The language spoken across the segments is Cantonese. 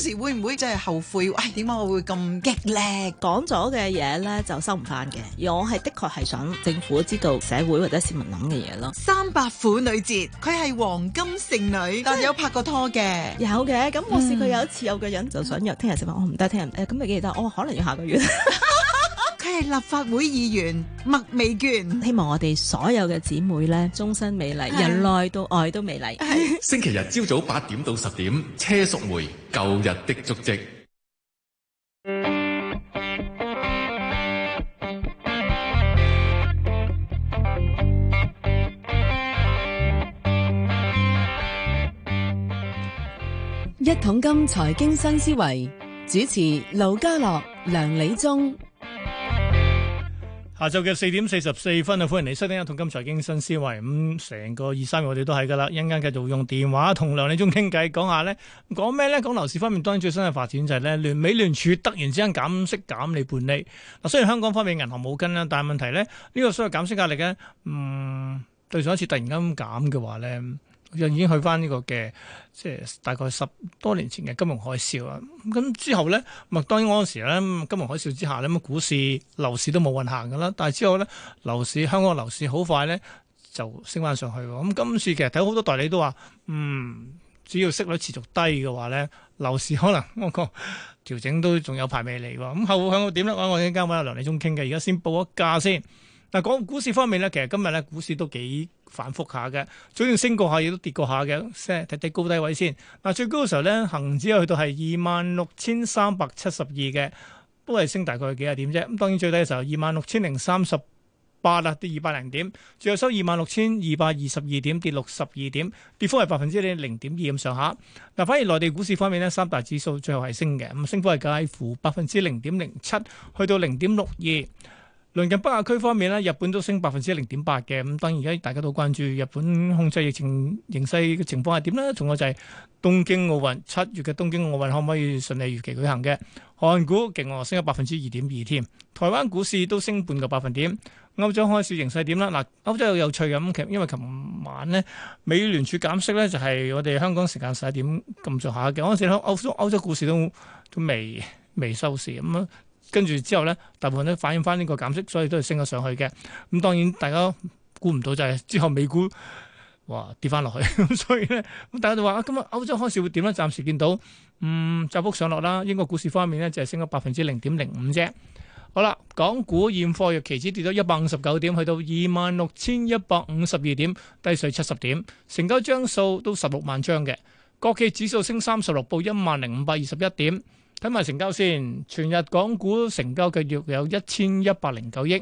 當時會唔會真係後悔？喂、哎，點解我會咁激咧？講咗嘅嘢咧就收唔翻嘅。而我係的確係想政府知道社會或者市民諗嘅嘢咯。三百婦女節，佢係黃金剩女，但有拍過拖嘅，有嘅。咁我試過一次有個人就想約聽日食飯，我唔得聽日。誒、哦，咁咪、嗯、記得我、哦，可能要下個月。 係立法會議員麥美娟，希望我哋所有嘅姊妹咧，終身美麗，由內到外都美麗。星期日朝早八點到十點，車淑梅《舊日的足跡》，一桶金財經新思維主持劉家樂、梁理中。下晝嘅四點四十四分啊，歡迎你收聽《一同金財經新思維》，咁，成個二三月我哋都喺噶啦，一陣間繼續用電話同梁理中傾偈，講下咧，講咩咧？講樓市方面當然最新嘅發展就係咧，聯美聯儲突然之間減息減利半厘。嗱，雖然香港方面銀行冇跟啦，但係問題咧，呢個所謂減息壓力咧，嗯，對上一次突然間減嘅話咧。就已經去翻呢個嘅，即係大概十多年前嘅金融海嘯啊！咁之後咧，咪當然嗰陣時咧，金融海嘯之下咧，咁股市、樓市都冇運行㗎啦。但之後咧，樓市香港嘅樓市好快咧就升翻上去喎。咁今次其實睇好多代理都話，嗯，主要息率持續低嘅話咧，樓市可能我覺調整都仲有排未嚟喎。咁後向個點咧？我陣間揾阿梁理中傾嘅，而家先報一價先。嗱，講股市方面咧，其實今日咧股市都幾反覆下嘅，總之升過下，亦都跌過下嘅，先睇睇高低位先。嗱，最高嘅時候咧，恒指去到係二萬六千三百七十二嘅，都係升大概幾啊點啫。咁當然最低嘅時候，二萬六千零三十八啦，跌二百零點。最後收二萬六千二百二十二點，跌六十二點，跌幅係百分之零點二咁上下。嗱，反而內地股市方面咧，三大指數最後係升嘅，咁升幅係介乎百分之零點零七，去到零點六二。鄰近北亞區方面咧，日本都升百分之零點八嘅，咁當然而家大家都關注日本控制疫情形勢嘅情況係點咧？仲有就係東京奧運七月嘅東京奧運可唔可以順利如期舉行嘅？韓股勁啊，升咗百分之二點二添，台灣股市都升半個百分點。歐洲開市形勢點啦。嗱，歐洲有趣嘅，咁其實因為琴晚咧美聯儲減息咧，就係我哋香港時間十一點咁上下嘅，嗰陣時歐洲歐洲股市都都未未收市咁啊。跟住之後呢，大部分都反映翻呢個減息，所以都係升咗上去嘅。咁當然大家估唔到就係、是、之後美股哇跌翻落去， 所以呢，咁大家就話啊，今日歐洲開市會點呢？暫時見到嗯窄幅上落啦。英國股市方面呢，就係、是、升咗百分之零點零五啫。好啦，港股現貨月期指跌咗一百五十九點，去到二萬六千一百五十二點，低水七十點，成交張數都十六萬張嘅。國企指數升三十六，報一萬零五百二十一點。睇埋成交先，全日港股成交嘅約有一千一百零九億。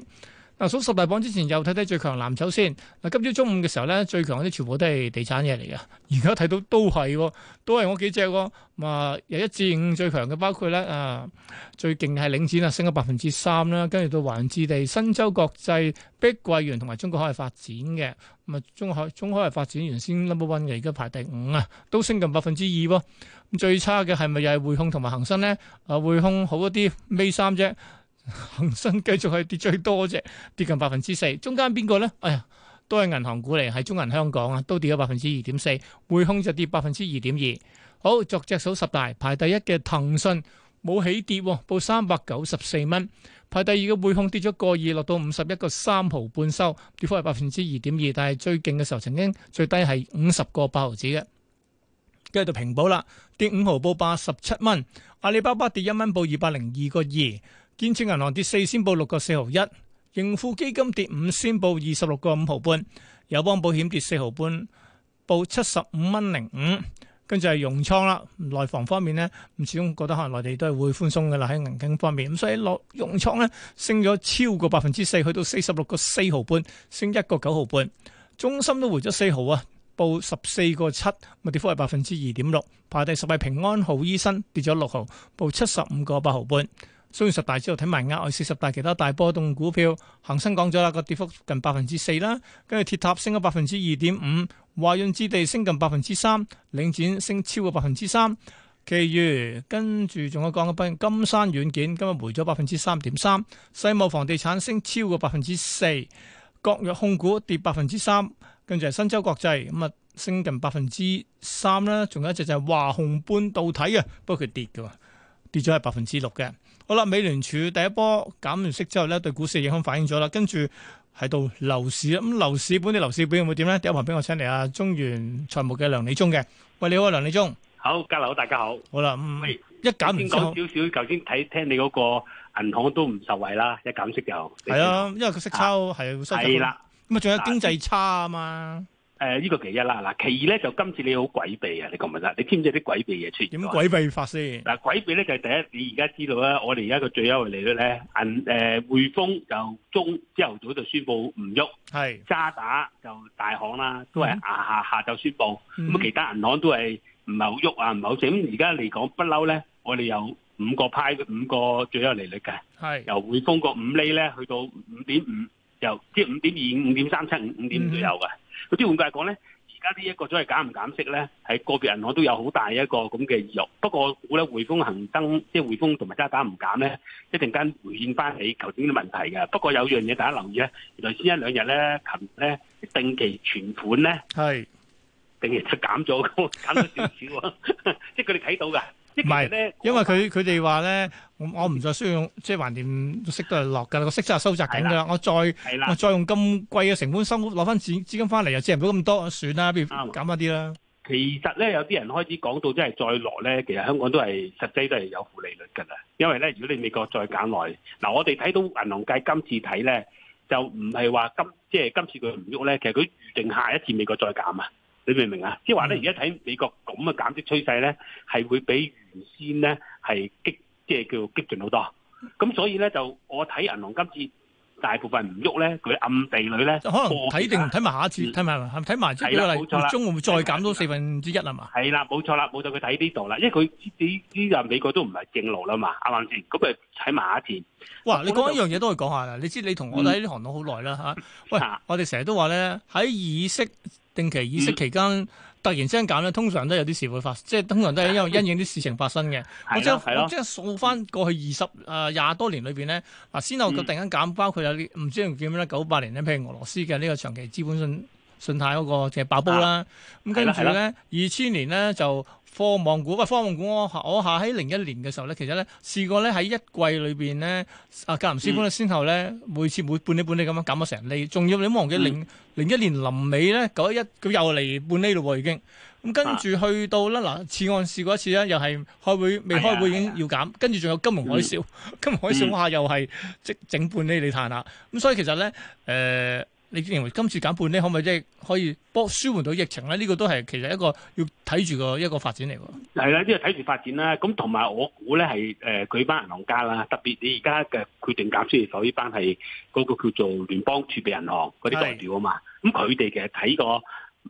嗱，數十大榜之前又睇睇最強藍籌先。嗱，今朝中午嘅時候咧，最強嗰啲全部都係地產嘢嚟嘅。而家睇到都係，都係我幾隻、哦。咁啊，由一至五最強嘅包括咧啊，最勁係領展啦，升咗百分之三啦。跟住到華潤置地、新洲國際、碧桂園同埋中國海發展嘅。咁啊，中海中海發展原先 number one 嘅，而家排第五啊，都升近百分之二。最差嘅係咪又係匯控同埋恒生咧？啊，匯控好一啲，尾三啫，恒生繼續係跌最多啫，跌近百分之四。中間邊個咧？哎呀，都係銀行股嚟，係中銀香港啊，都跌咗百分之二點四，匯控就跌百分之二點二。好，作只數十大排第一嘅騰訊冇起跌喎，報三百九十四蚊。排第二嘅匯控跌咗個二，落到五十一個三毫半收，跌幅係百分之二點二。但係最勁嘅時候，曾經最低係五十個八毫子嘅。喺度平保啦，跌五毫報八十七蚊；阿里巴巴跌一蚊報二百零二個二；建設銀行跌四仙報六個四毫一；盈富基金跌五仙報二十六個五毫半；友邦保險跌四毫半報七十五蚊零五，跟住係融倉融創啦。內房方面咧，唔始終覺得可能內地都係會寬鬆噶啦，喺銀根方面，咁所以落融創咧升咗超過百分之四，去到四十六個四毫半，升一個九毫半，中心都回咗四毫啊。報十四個七，咪跌幅係百分之二點六，排第十位，平安好醫生跌咗六毫，報七十五個八毫半。雖然十大之後睇埋額外四十大其他大波動股票，恒生講咗啦個跌幅近百分之四啦，跟住鐵塔升咗百分之二點五，華潤置地升近百分之三，領展升超過百分之三，其餘跟住仲有講緊金山軟件今日回咗百分之三點三，世貿房地產升超過百分之四，國藥控股跌百分之三。跟住係新洲國際咁啊，升近百分之三啦。仲有一隻就係華虹半導體嘅，不過佢跌嘅，跌咗係百分之六嘅。好啦，美聯儲第一波減息之後咧，對股市嘅影響反映咗啦。跟住喺度樓市啊，咁樓市本啲樓市表現會點咧？第一行俾我請嚟啊，中原財務嘅梁理中嘅。喂，你好啊，梁理中。好，家樓好，大家好。好啦，一減唔收。先講少少，究竟睇聽你嗰個銀行都唔受惠啦，一減息就。係啊，因為佢息差係。係啦。咁啊，仲有經濟差啊嘛！誒，呢、呃呢個其一啦。嗱，其二咧就今次你好詭秘啊！你講明啦，你知唔知啲詭秘嘢出咗。點詭秘法先？嗱，詭秘咧就係、是、第一，你而家知道啦。我哋而家個最優惠利率咧，銀誒匯豐就中，朝頭早就宣布唔喐。係渣打就大行啦，都係下下下晝宣布。咁、嗯、其他銀行都係唔係好喐啊，唔係好正。咁而家嚟講不嬲咧，我哋有五個派，五個最優利率嘅。係由匯豐個五厘咧，去到五點五。即係五點二五五、五點三七、五點五左右嘅。咁即係換句話講咧？而家呢一個所謂係減唔減息咧？係個別銀行都有好大的一個咁嘅意欲。不過我估咧，匯豐恆生，即係匯豐同埋渣打唔減咧，一陣間回應翻起頭先啲問題嘅。不過有樣嘢大家留意咧，原來一兩日咧，琴咧定期存款咧係 定期出減咗，減 咗少少、啊、 即係佢哋睇到噶。唔係，因為佢佢哋話咧，我我唔再需要用，即係橫掂息都係落㗎啦，個息真係收窄緊㗎啦，我再我再用咁貴嘅成本收攞翻資資金翻嚟又借唔到咁多，算啦，不如減翻啲啦。其實咧，有啲人開始講到即係再落咧，其實香港都係實際都係有負利率㗎啦。因為咧，如果你美國再減落，嗱我哋睇到銀行界今次睇咧，就唔係話今即係今次佢唔喐咧，其實佢預定下一次美國再減啊。你明唔明啊？即係話咧，而家睇美國咁嘅減息趨勢咧，係會比原先咧係激，即係叫激進好多。咁所以咧，就我睇銀行今次大部分唔喐咧，佢暗地裏咧，可能睇定睇埋下一次，睇埋睇埋。係啦，冇、嗯、錯啦。中會唔會再減到四分之一啊？嘛，係啦，冇錯啦，冇錯。佢睇呢度啦，因為佢呢個美國都唔係正路啦嘛，啱唔啱先？咁佢睇埋下一次。哇！嗯、你講一樣嘢都會講下啦。你知你同我哋喺呢行做好耐啦吓。喂，我哋成日都話咧喺意息，定期議息期間、嗯、突然之間減咧，通常都係有啲事會發生，即係通常都係因為因應啲事情發生嘅。 我即係我即係數翻過去二十誒廿多年裏邊咧，嗱先後嘅突然間減，包括咗有啲唔知叫點咧，九八年咧，譬如俄羅斯嘅呢個長期資本信信貸嗰個即係爆煲啦。咁跟住咧，二千年咧就。科網股、哎，科網股我我下喺零一年嘅時候咧，其實咧試過咧喺一季裏邊咧，啊格林斯潘先後咧、嗯、每次每半厘半厘咁樣減咗成厘，仲要你忘記零零一年臨尾咧九一一佢又嚟半厘咯喎已經，咁、嗯、跟住去到啦，嗱、啊，次案試過一次咧，又係開會未開會已經要減、哎，跟住仲有金融海嘯、嗯，金融海嘯我、嗯、 下又係即整，整半厘嚟嘆啦，咁、嗯、所以其實咧誒。呃你認為今次減半咧，可唔可以即係可以幫舒緩到疫情咧？呢個都係其實一個要睇住個一個發展嚟喎。係啦，呢個睇住發展啦。咁同埋我估咧係誒佢班銀行家啦，特別你而家嘅決定減息所呢班係嗰個叫做聯邦儲備銀行嗰啲代表啊嘛。咁佢哋其實睇過。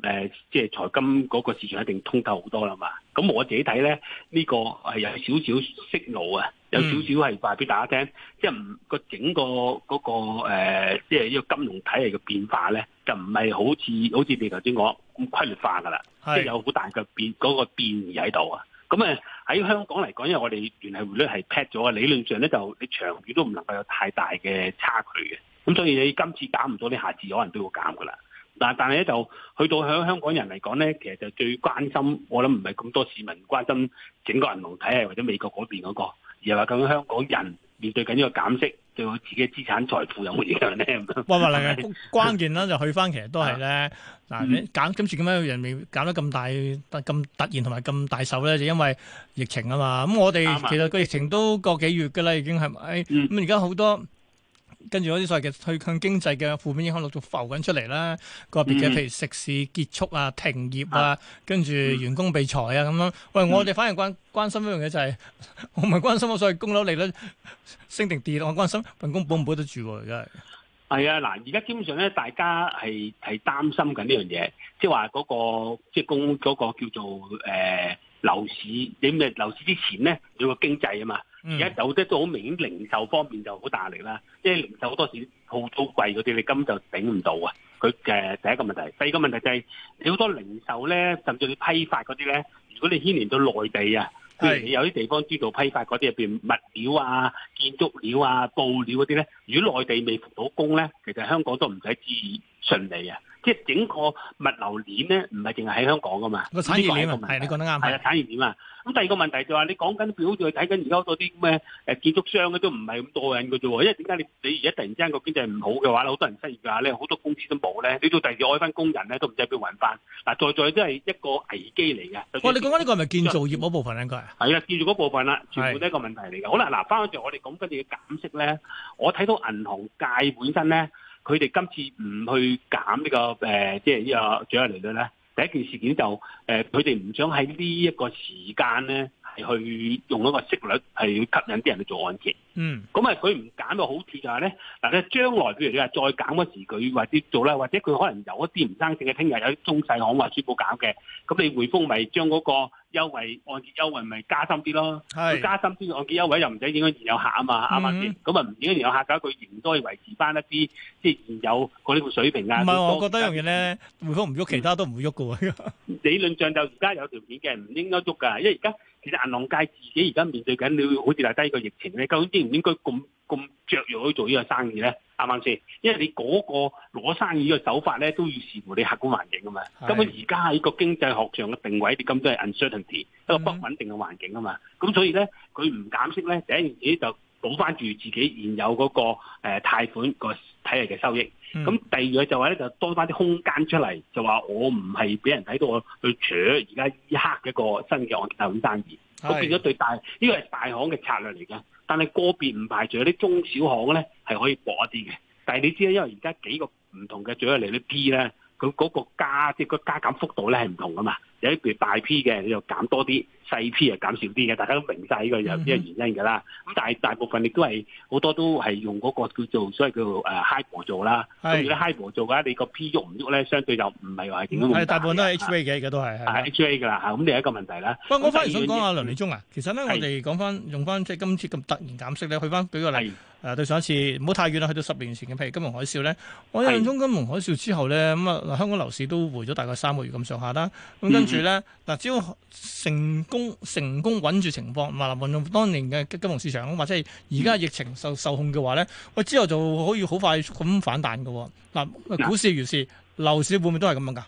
誒，即係財金嗰個市場一定通透好多啦嘛。咁我自己睇咧，呢個係有少少洩露啊，有少少係話俾大家聽，即係唔個整個嗰個誒，即係呢個金融體系嘅變化咧，就唔係好似好似你頭先講咁規律化㗎啦，即係有好大嘅變嗰個變異喺度啊。咁誒喺香港嚟講，因為我哋聯繫匯率係 peg 咗嘅，理論上咧就你長遠都唔能夠有太大嘅差距嘅。咁所以你今次減唔到，你下次可能都要減㗎啦。嗱，但係咧就去到喺香港人嚟講咧，其實就最關心，我諗唔係咁多市民關心整個銀行體系或者美國嗰邊嗰、嗰個，而係話究竟香港人面對緊呢個減息對佢自己資產財富有冇影響咧喂，喂，哇哇，嗱，關鍵啦就去翻，其實都係咧，嗱、啊、減、嗯、今次咁樣人未減得咁大得咁突然同埋咁大手咧，就因為疫情啊嘛。咁我哋其實個疫情都個幾月噶啦，已經係咪？咁而家好多。跟住嗰啲所謂嘅退向經濟嘅負面影響陸續浮緊出嚟啦，個別嘅譬如食肆結束啊、停業啊，跟、嗯、住員工被裁啊咁、嗯、樣。喂，我哋反而關心、就是嗯、關心一樣嘢就係，我唔係關心我所謂供樓利率升定跌，我關心份工保唔保得住喎，而家係。係啊，嗱，而家基本上咧，大家係係擔心緊呢樣嘢，即係話嗰個即係供嗰個叫做誒。呃樓市你咩係樓市之前咧，有個經濟啊嘛。而家有啲都好明顯，零售方面就好大力啦。即係零售好多時鋪租貴，嗰啲你根本就頂唔到啊。佢嘅、呃、第一個問題，第二個問題就係、是、你好多零售咧，甚至你批發嗰啲咧，如果你牽連到內地啊，即你有啲地方知道批發嗰啲入邊物料啊、建築料啊、布料嗰啲咧，如果內地未復到工咧，其實香港都唔使至於順利啊。即係整個物流鏈咧，唔係淨係喺香港噶嘛？個產業鏈啊，係、這個、你講得啱係啊，產業鏈啊。咁第二個問題就係、是、你講緊表，就睇緊而家好啲咩誒建築商咧都唔係咁多人嘅啫喎。因為點解你你而家突然之間個經濟唔好嘅話，好多人失業嘅話咧，好多公司都冇咧。你到第二個開翻工人咧，都唔製表揾翻。嗱，在在都係一個危機嚟嘅。我、哦、你講緊呢個係咪建造業嗰部分，應該係啊，建造嗰部分啦，全部都係一個問題嚟嘅。好啦，嗱，翻到我哋講緊你嘅減息咧，我睇到銀行界本身咧。佢哋今次唔去減、這個呃就是、這個呢個誒，即係呢個獎勵利率咧。第一件事件就誒，佢哋唔想喺呢一個時間咧係去用一個息率，係要吸引啲人去做按揭。嗯，咁啊，佢唔減嘅好處就係咧，嗱，你將來譬如你話再減嗰時，佢或者做啦，或者佢可能有一啲唔生性嘅，聽日有啲中細行話宣布減嘅，咁你匯豐咪將嗰個優惠按揭優惠咪加深啲咯，加深啲按揭優惠又唔使影響現有客啊嘛，啱啱先？咁啊唔影響現有客，搞佢仍都可以維持翻一啲即係現有嗰啲個水平啊。唔、嗯、係，我覺得一樣嘢咧，匯豐唔喐，其他都唔會喐噶喎。嗯、 理論上就而家有條件嘅唔應該喐噶，因為而家其實銀行界自己而家面對緊你好似係低個疫情咧，究竟應該咁咁著入去做呢個生意咧，啱唔啱先？因為你嗰個攞生意嘅手法咧，都要視乎你客觀環境啊嘛。根本而家喺個經濟學上嘅定位，你咁都係 uncertainty 一個不穩定嘅環境啊嘛。咁、嗯、所以咧，佢唔減息咧，第一件事就保翻住自己現有嗰、那個誒貸、呃、款個體嚟嘅收益。咁、嗯、第二嘅就話咧，就多翻啲空間出嚟，就話我唔係俾人睇到我去搶而家一刻嘅一個新嘅按貸款生意。咁變咗對大呢、這個係大行嘅策略嚟㗎。但係個別唔排除有啲中小行咧係可以博一啲嘅，但係你知啦，因為而家幾個唔同嘅組入嚟啲 P 咧，佢嗰個加即係、就是、個加減幅度咧係唔同噶嘛，有啲譬如大 P 嘅你就減多啲。細 P 啊，減少啲嘅，大家都明曬呢個有啲原因㗎啦。咁、mm -hmm. 但係大部分亦都係好多都係用嗰個叫做所謂叫誒 h y p e 做啦。如果 h y p e 做嘅話，你個 P 喐唔喐咧，相對就唔係話點樣。大部分都係 H A 嘅，都係係 H A 嘅啦。嚇，咁你係一個問題啦。不過我反而想講下梁理中啊，其實咧我哋講翻用翻即係今次咁突然減息咧，去翻舉個例誒、呃，對上一次唔好太遠啦，去到十年前嘅譬如金融海嘯咧，我印象中金融海嘯之後咧，咁啊，香港樓市都回咗大概三個月咁上下啦。咁跟住咧嗱，mm -hmm. 只要成成功穩住情況，唔係運用當年嘅金融市場，或者係而家疫情受受控嘅話咧，我之後就可以好快咁反彈嘅。嗱，股市如是，呃、樓市會唔會都係咁樣噶？誒、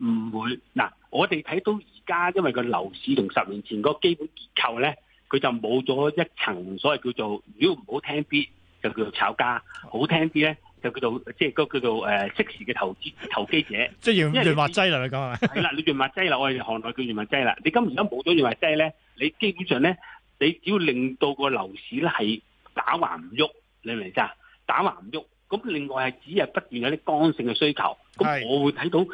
呃，唔會。嗱、呃，我哋睇到而家，因為個樓市同十年前個基本結構咧，佢就冇咗一層，所謂叫做，如果唔好聽啲，就叫做炒家，好聽啲咧。就叫做即係個叫做誒適時嘅投資投機者，即係潤滑劑啦！你講係 啦，你潤滑劑啦，我哋行內叫潤滑劑啦。你今而家冇咗潤滑劑咧，你基本上咧，你只要令到個樓市咧係打橫唔喐，你明唔明先啊？打橫唔喐，咁另外係只係不斷有啲剛性嘅需求，咁我會睇到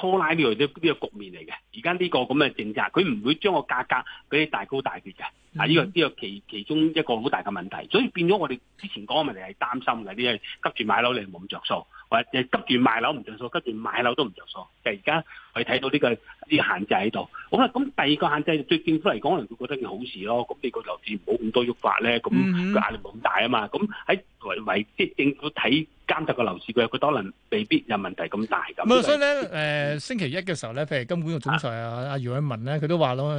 拖拉呢、呢個呢、呢個局面嚟嘅。而家呢個咁嘅政策，佢唔會將個價格俾你大高大跌嘅。呢個呢個其其中一個好大嘅問題，所以變咗我哋之前講嘅問題係擔心嘅，啲人急住買樓你係冇咁着數，或者急住賣樓唔着數，急住買樓都唔着數。就而家佢睇到呢個啲限制喺度。好、啊、啦，咁第二個限制對政府嚟講可能會覺得件好事咯。咁你個樓市唔好咁多喐法咧，咁壓力冇咁大啊嘛。咁喺為為即政府睇監察個樓市嘅，佢可能未必有問題咁大咁、嗯嗯就是。所以咧誒、呃，星期一嘅時候咧，譬如金管局總裁啊，阿余偉文咧，佢都話咯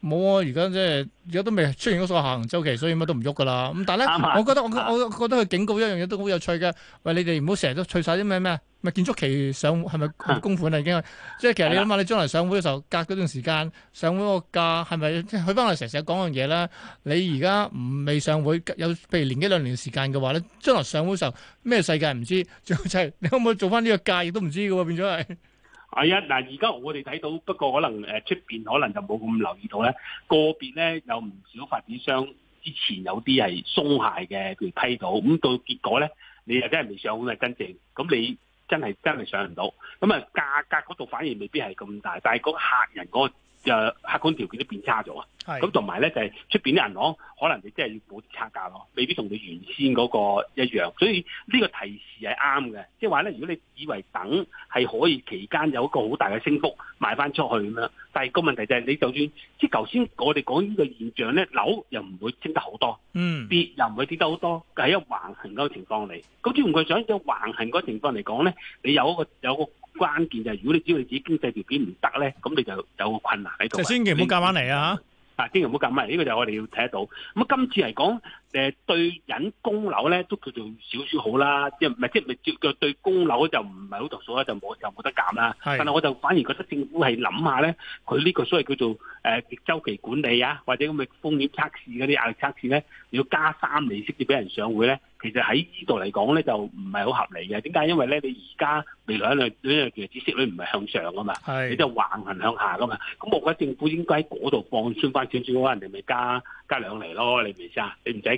冇啊！而家即係都未出現嗰個下行週期，所以乜都唔喐噶啦。咁但係咧，我覺得我我覺得佢警告一樣嘢都好有趣嘅。喂，你哋唔好成日都吹晒啲咩咩，咪建築期上係咪供款啊已經？即係其實你諗下，你將來上會嘅時候，隔嗰段時間上會個價係咪？佢翻嚟成日講樣嘢啦。你而家未上會有譬如年幾兩年時間嘅話咧，將來上會嘅時候咩世界唔知，最後就係，你可唔可以做翻呢個價亦都唔知㗎喎，變咗係。係呀，嗱而家我哋睇到，不過可能誒出邊可能就冇咁留意到咧，個別咧有唔少發展商之前有啲係鬆懈嘅，譬如批到，咁到結果咧，你又真係未上好咪真正，咁你真係真係上唔到，咁啊價格嗰度反而未必係咁大，但係個客人嗰。就客觀條件都變差咗，咁同埋咧就係出邊啲銀行可能你真係要補差價咯，未必同你原先嗰個一樣，所以呢個提示係啱嘅，即係話咧，如果你以為等係可以期間有一個好大嘅升幅賣翻出去咁樣，但係個問題就係你就算即係頭先我哋講呢個現象咧，樓又唔會升得好多，嗯，跌又唔會跌得好多，係一個橫行嗰個情況嚟。咁至於佢想喺橫行嗰個情況嚟講咧，你有一個有個。有關鍵就係、是，如果你只要你自己經濟條件唔得咧，咁你就，就有個困難喺度。就千祈唔好夾翻嚟啊吓，啊千祈唔好夾翻嚟。呢個就係我哋要睇得到。咁今次嚟講。誒對隱供樓咧，都叫做少少好啦，即係唔係即係唔係叫叫對供樓就唔係好著數啦，就冇就冇得減啦。但係我就反而覺得政府係諗下咧，佢呢個所謂叫做逆週期管理啊，或者咁嘅風險測試嗰啲壓力測試咧，要加三厘息至俾人上會咧，其實喺呢度嚟講咧就唔係好合理嘅。點解？因為咧你而家未來嗰類嗰類其實指息率唔係向上噶嘛，你就橫行向下噶嘛。咁我覺得政府應該喺嗰度放轉翻轉轉嘅話，人哋咪加加兩厘咯，你明唔明意思啊？你唔使。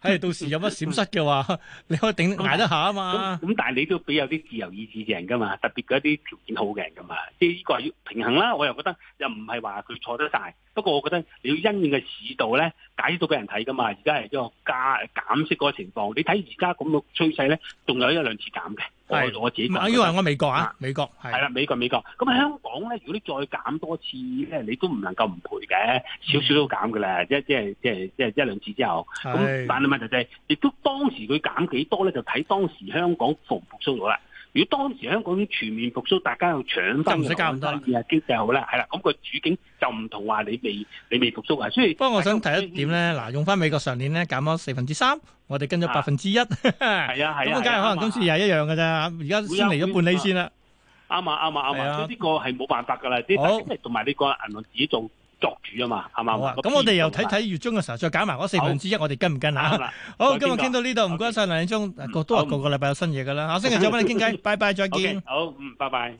嘿， 到時有乜閃失嘅話，你可以頂捱、嗯嗯嗯嗯嗯、一下啊嘛。咁但係你都俾有啲自由意志嘅人噶嘛，特別嗰啲條件好嘅人噶嘛。即係呢個係要平衡啦。我又覺得又唔係話佢錯得晒。不過我覺得你要因應嘅市道咧，解到俾人睇噶嘛。而家係一個加減息嘅情況，你睇而家咁嘅趨勢咧，仲有一兩次減嘅。係我，我自己我啊，因為我美國啊，美國係啦、啊，美國美國咁香港咧，如果你再減多次咧，你都唔能夠唔賠嘅、嗯，少少都減嘅啦。即即係即係即係一兩次之後咁，但係就係，亦都當時佢減幾多咧，就睇當時香港復唔復甦咗啦。如果當時香港已經全面復甦，大家又搶翻，唔使咁多得。經濟好啦，係啦，咁個主境就唔同話你未，你未復甦啊。所以，不過我想提一點咧，嗱、嗯，用翻美國上年咧減咗四分之三，我哋跟咗百分之一，係啊係咁梗係可能今次又係一樣㗎咋。而家、啊啊、先嚟咗半厘先啦。啱啊啱啊啱啊，啊！所以呢個係冇辦法㗎啦。好，同埋呢個銀行自己做。作主啊嘛，係嘛好啊，咁我哋又睇睇月中嘅時候再減埋嗰四分之一，我哋跟唔跟吓，好，今日傾到呢度，唔該晒梁理中，okay, 都個都話個個禮拜有新嘢噶啦，下星期再幫你傾偈，拜拜，再見。Okay, 好，嗯，拜拜。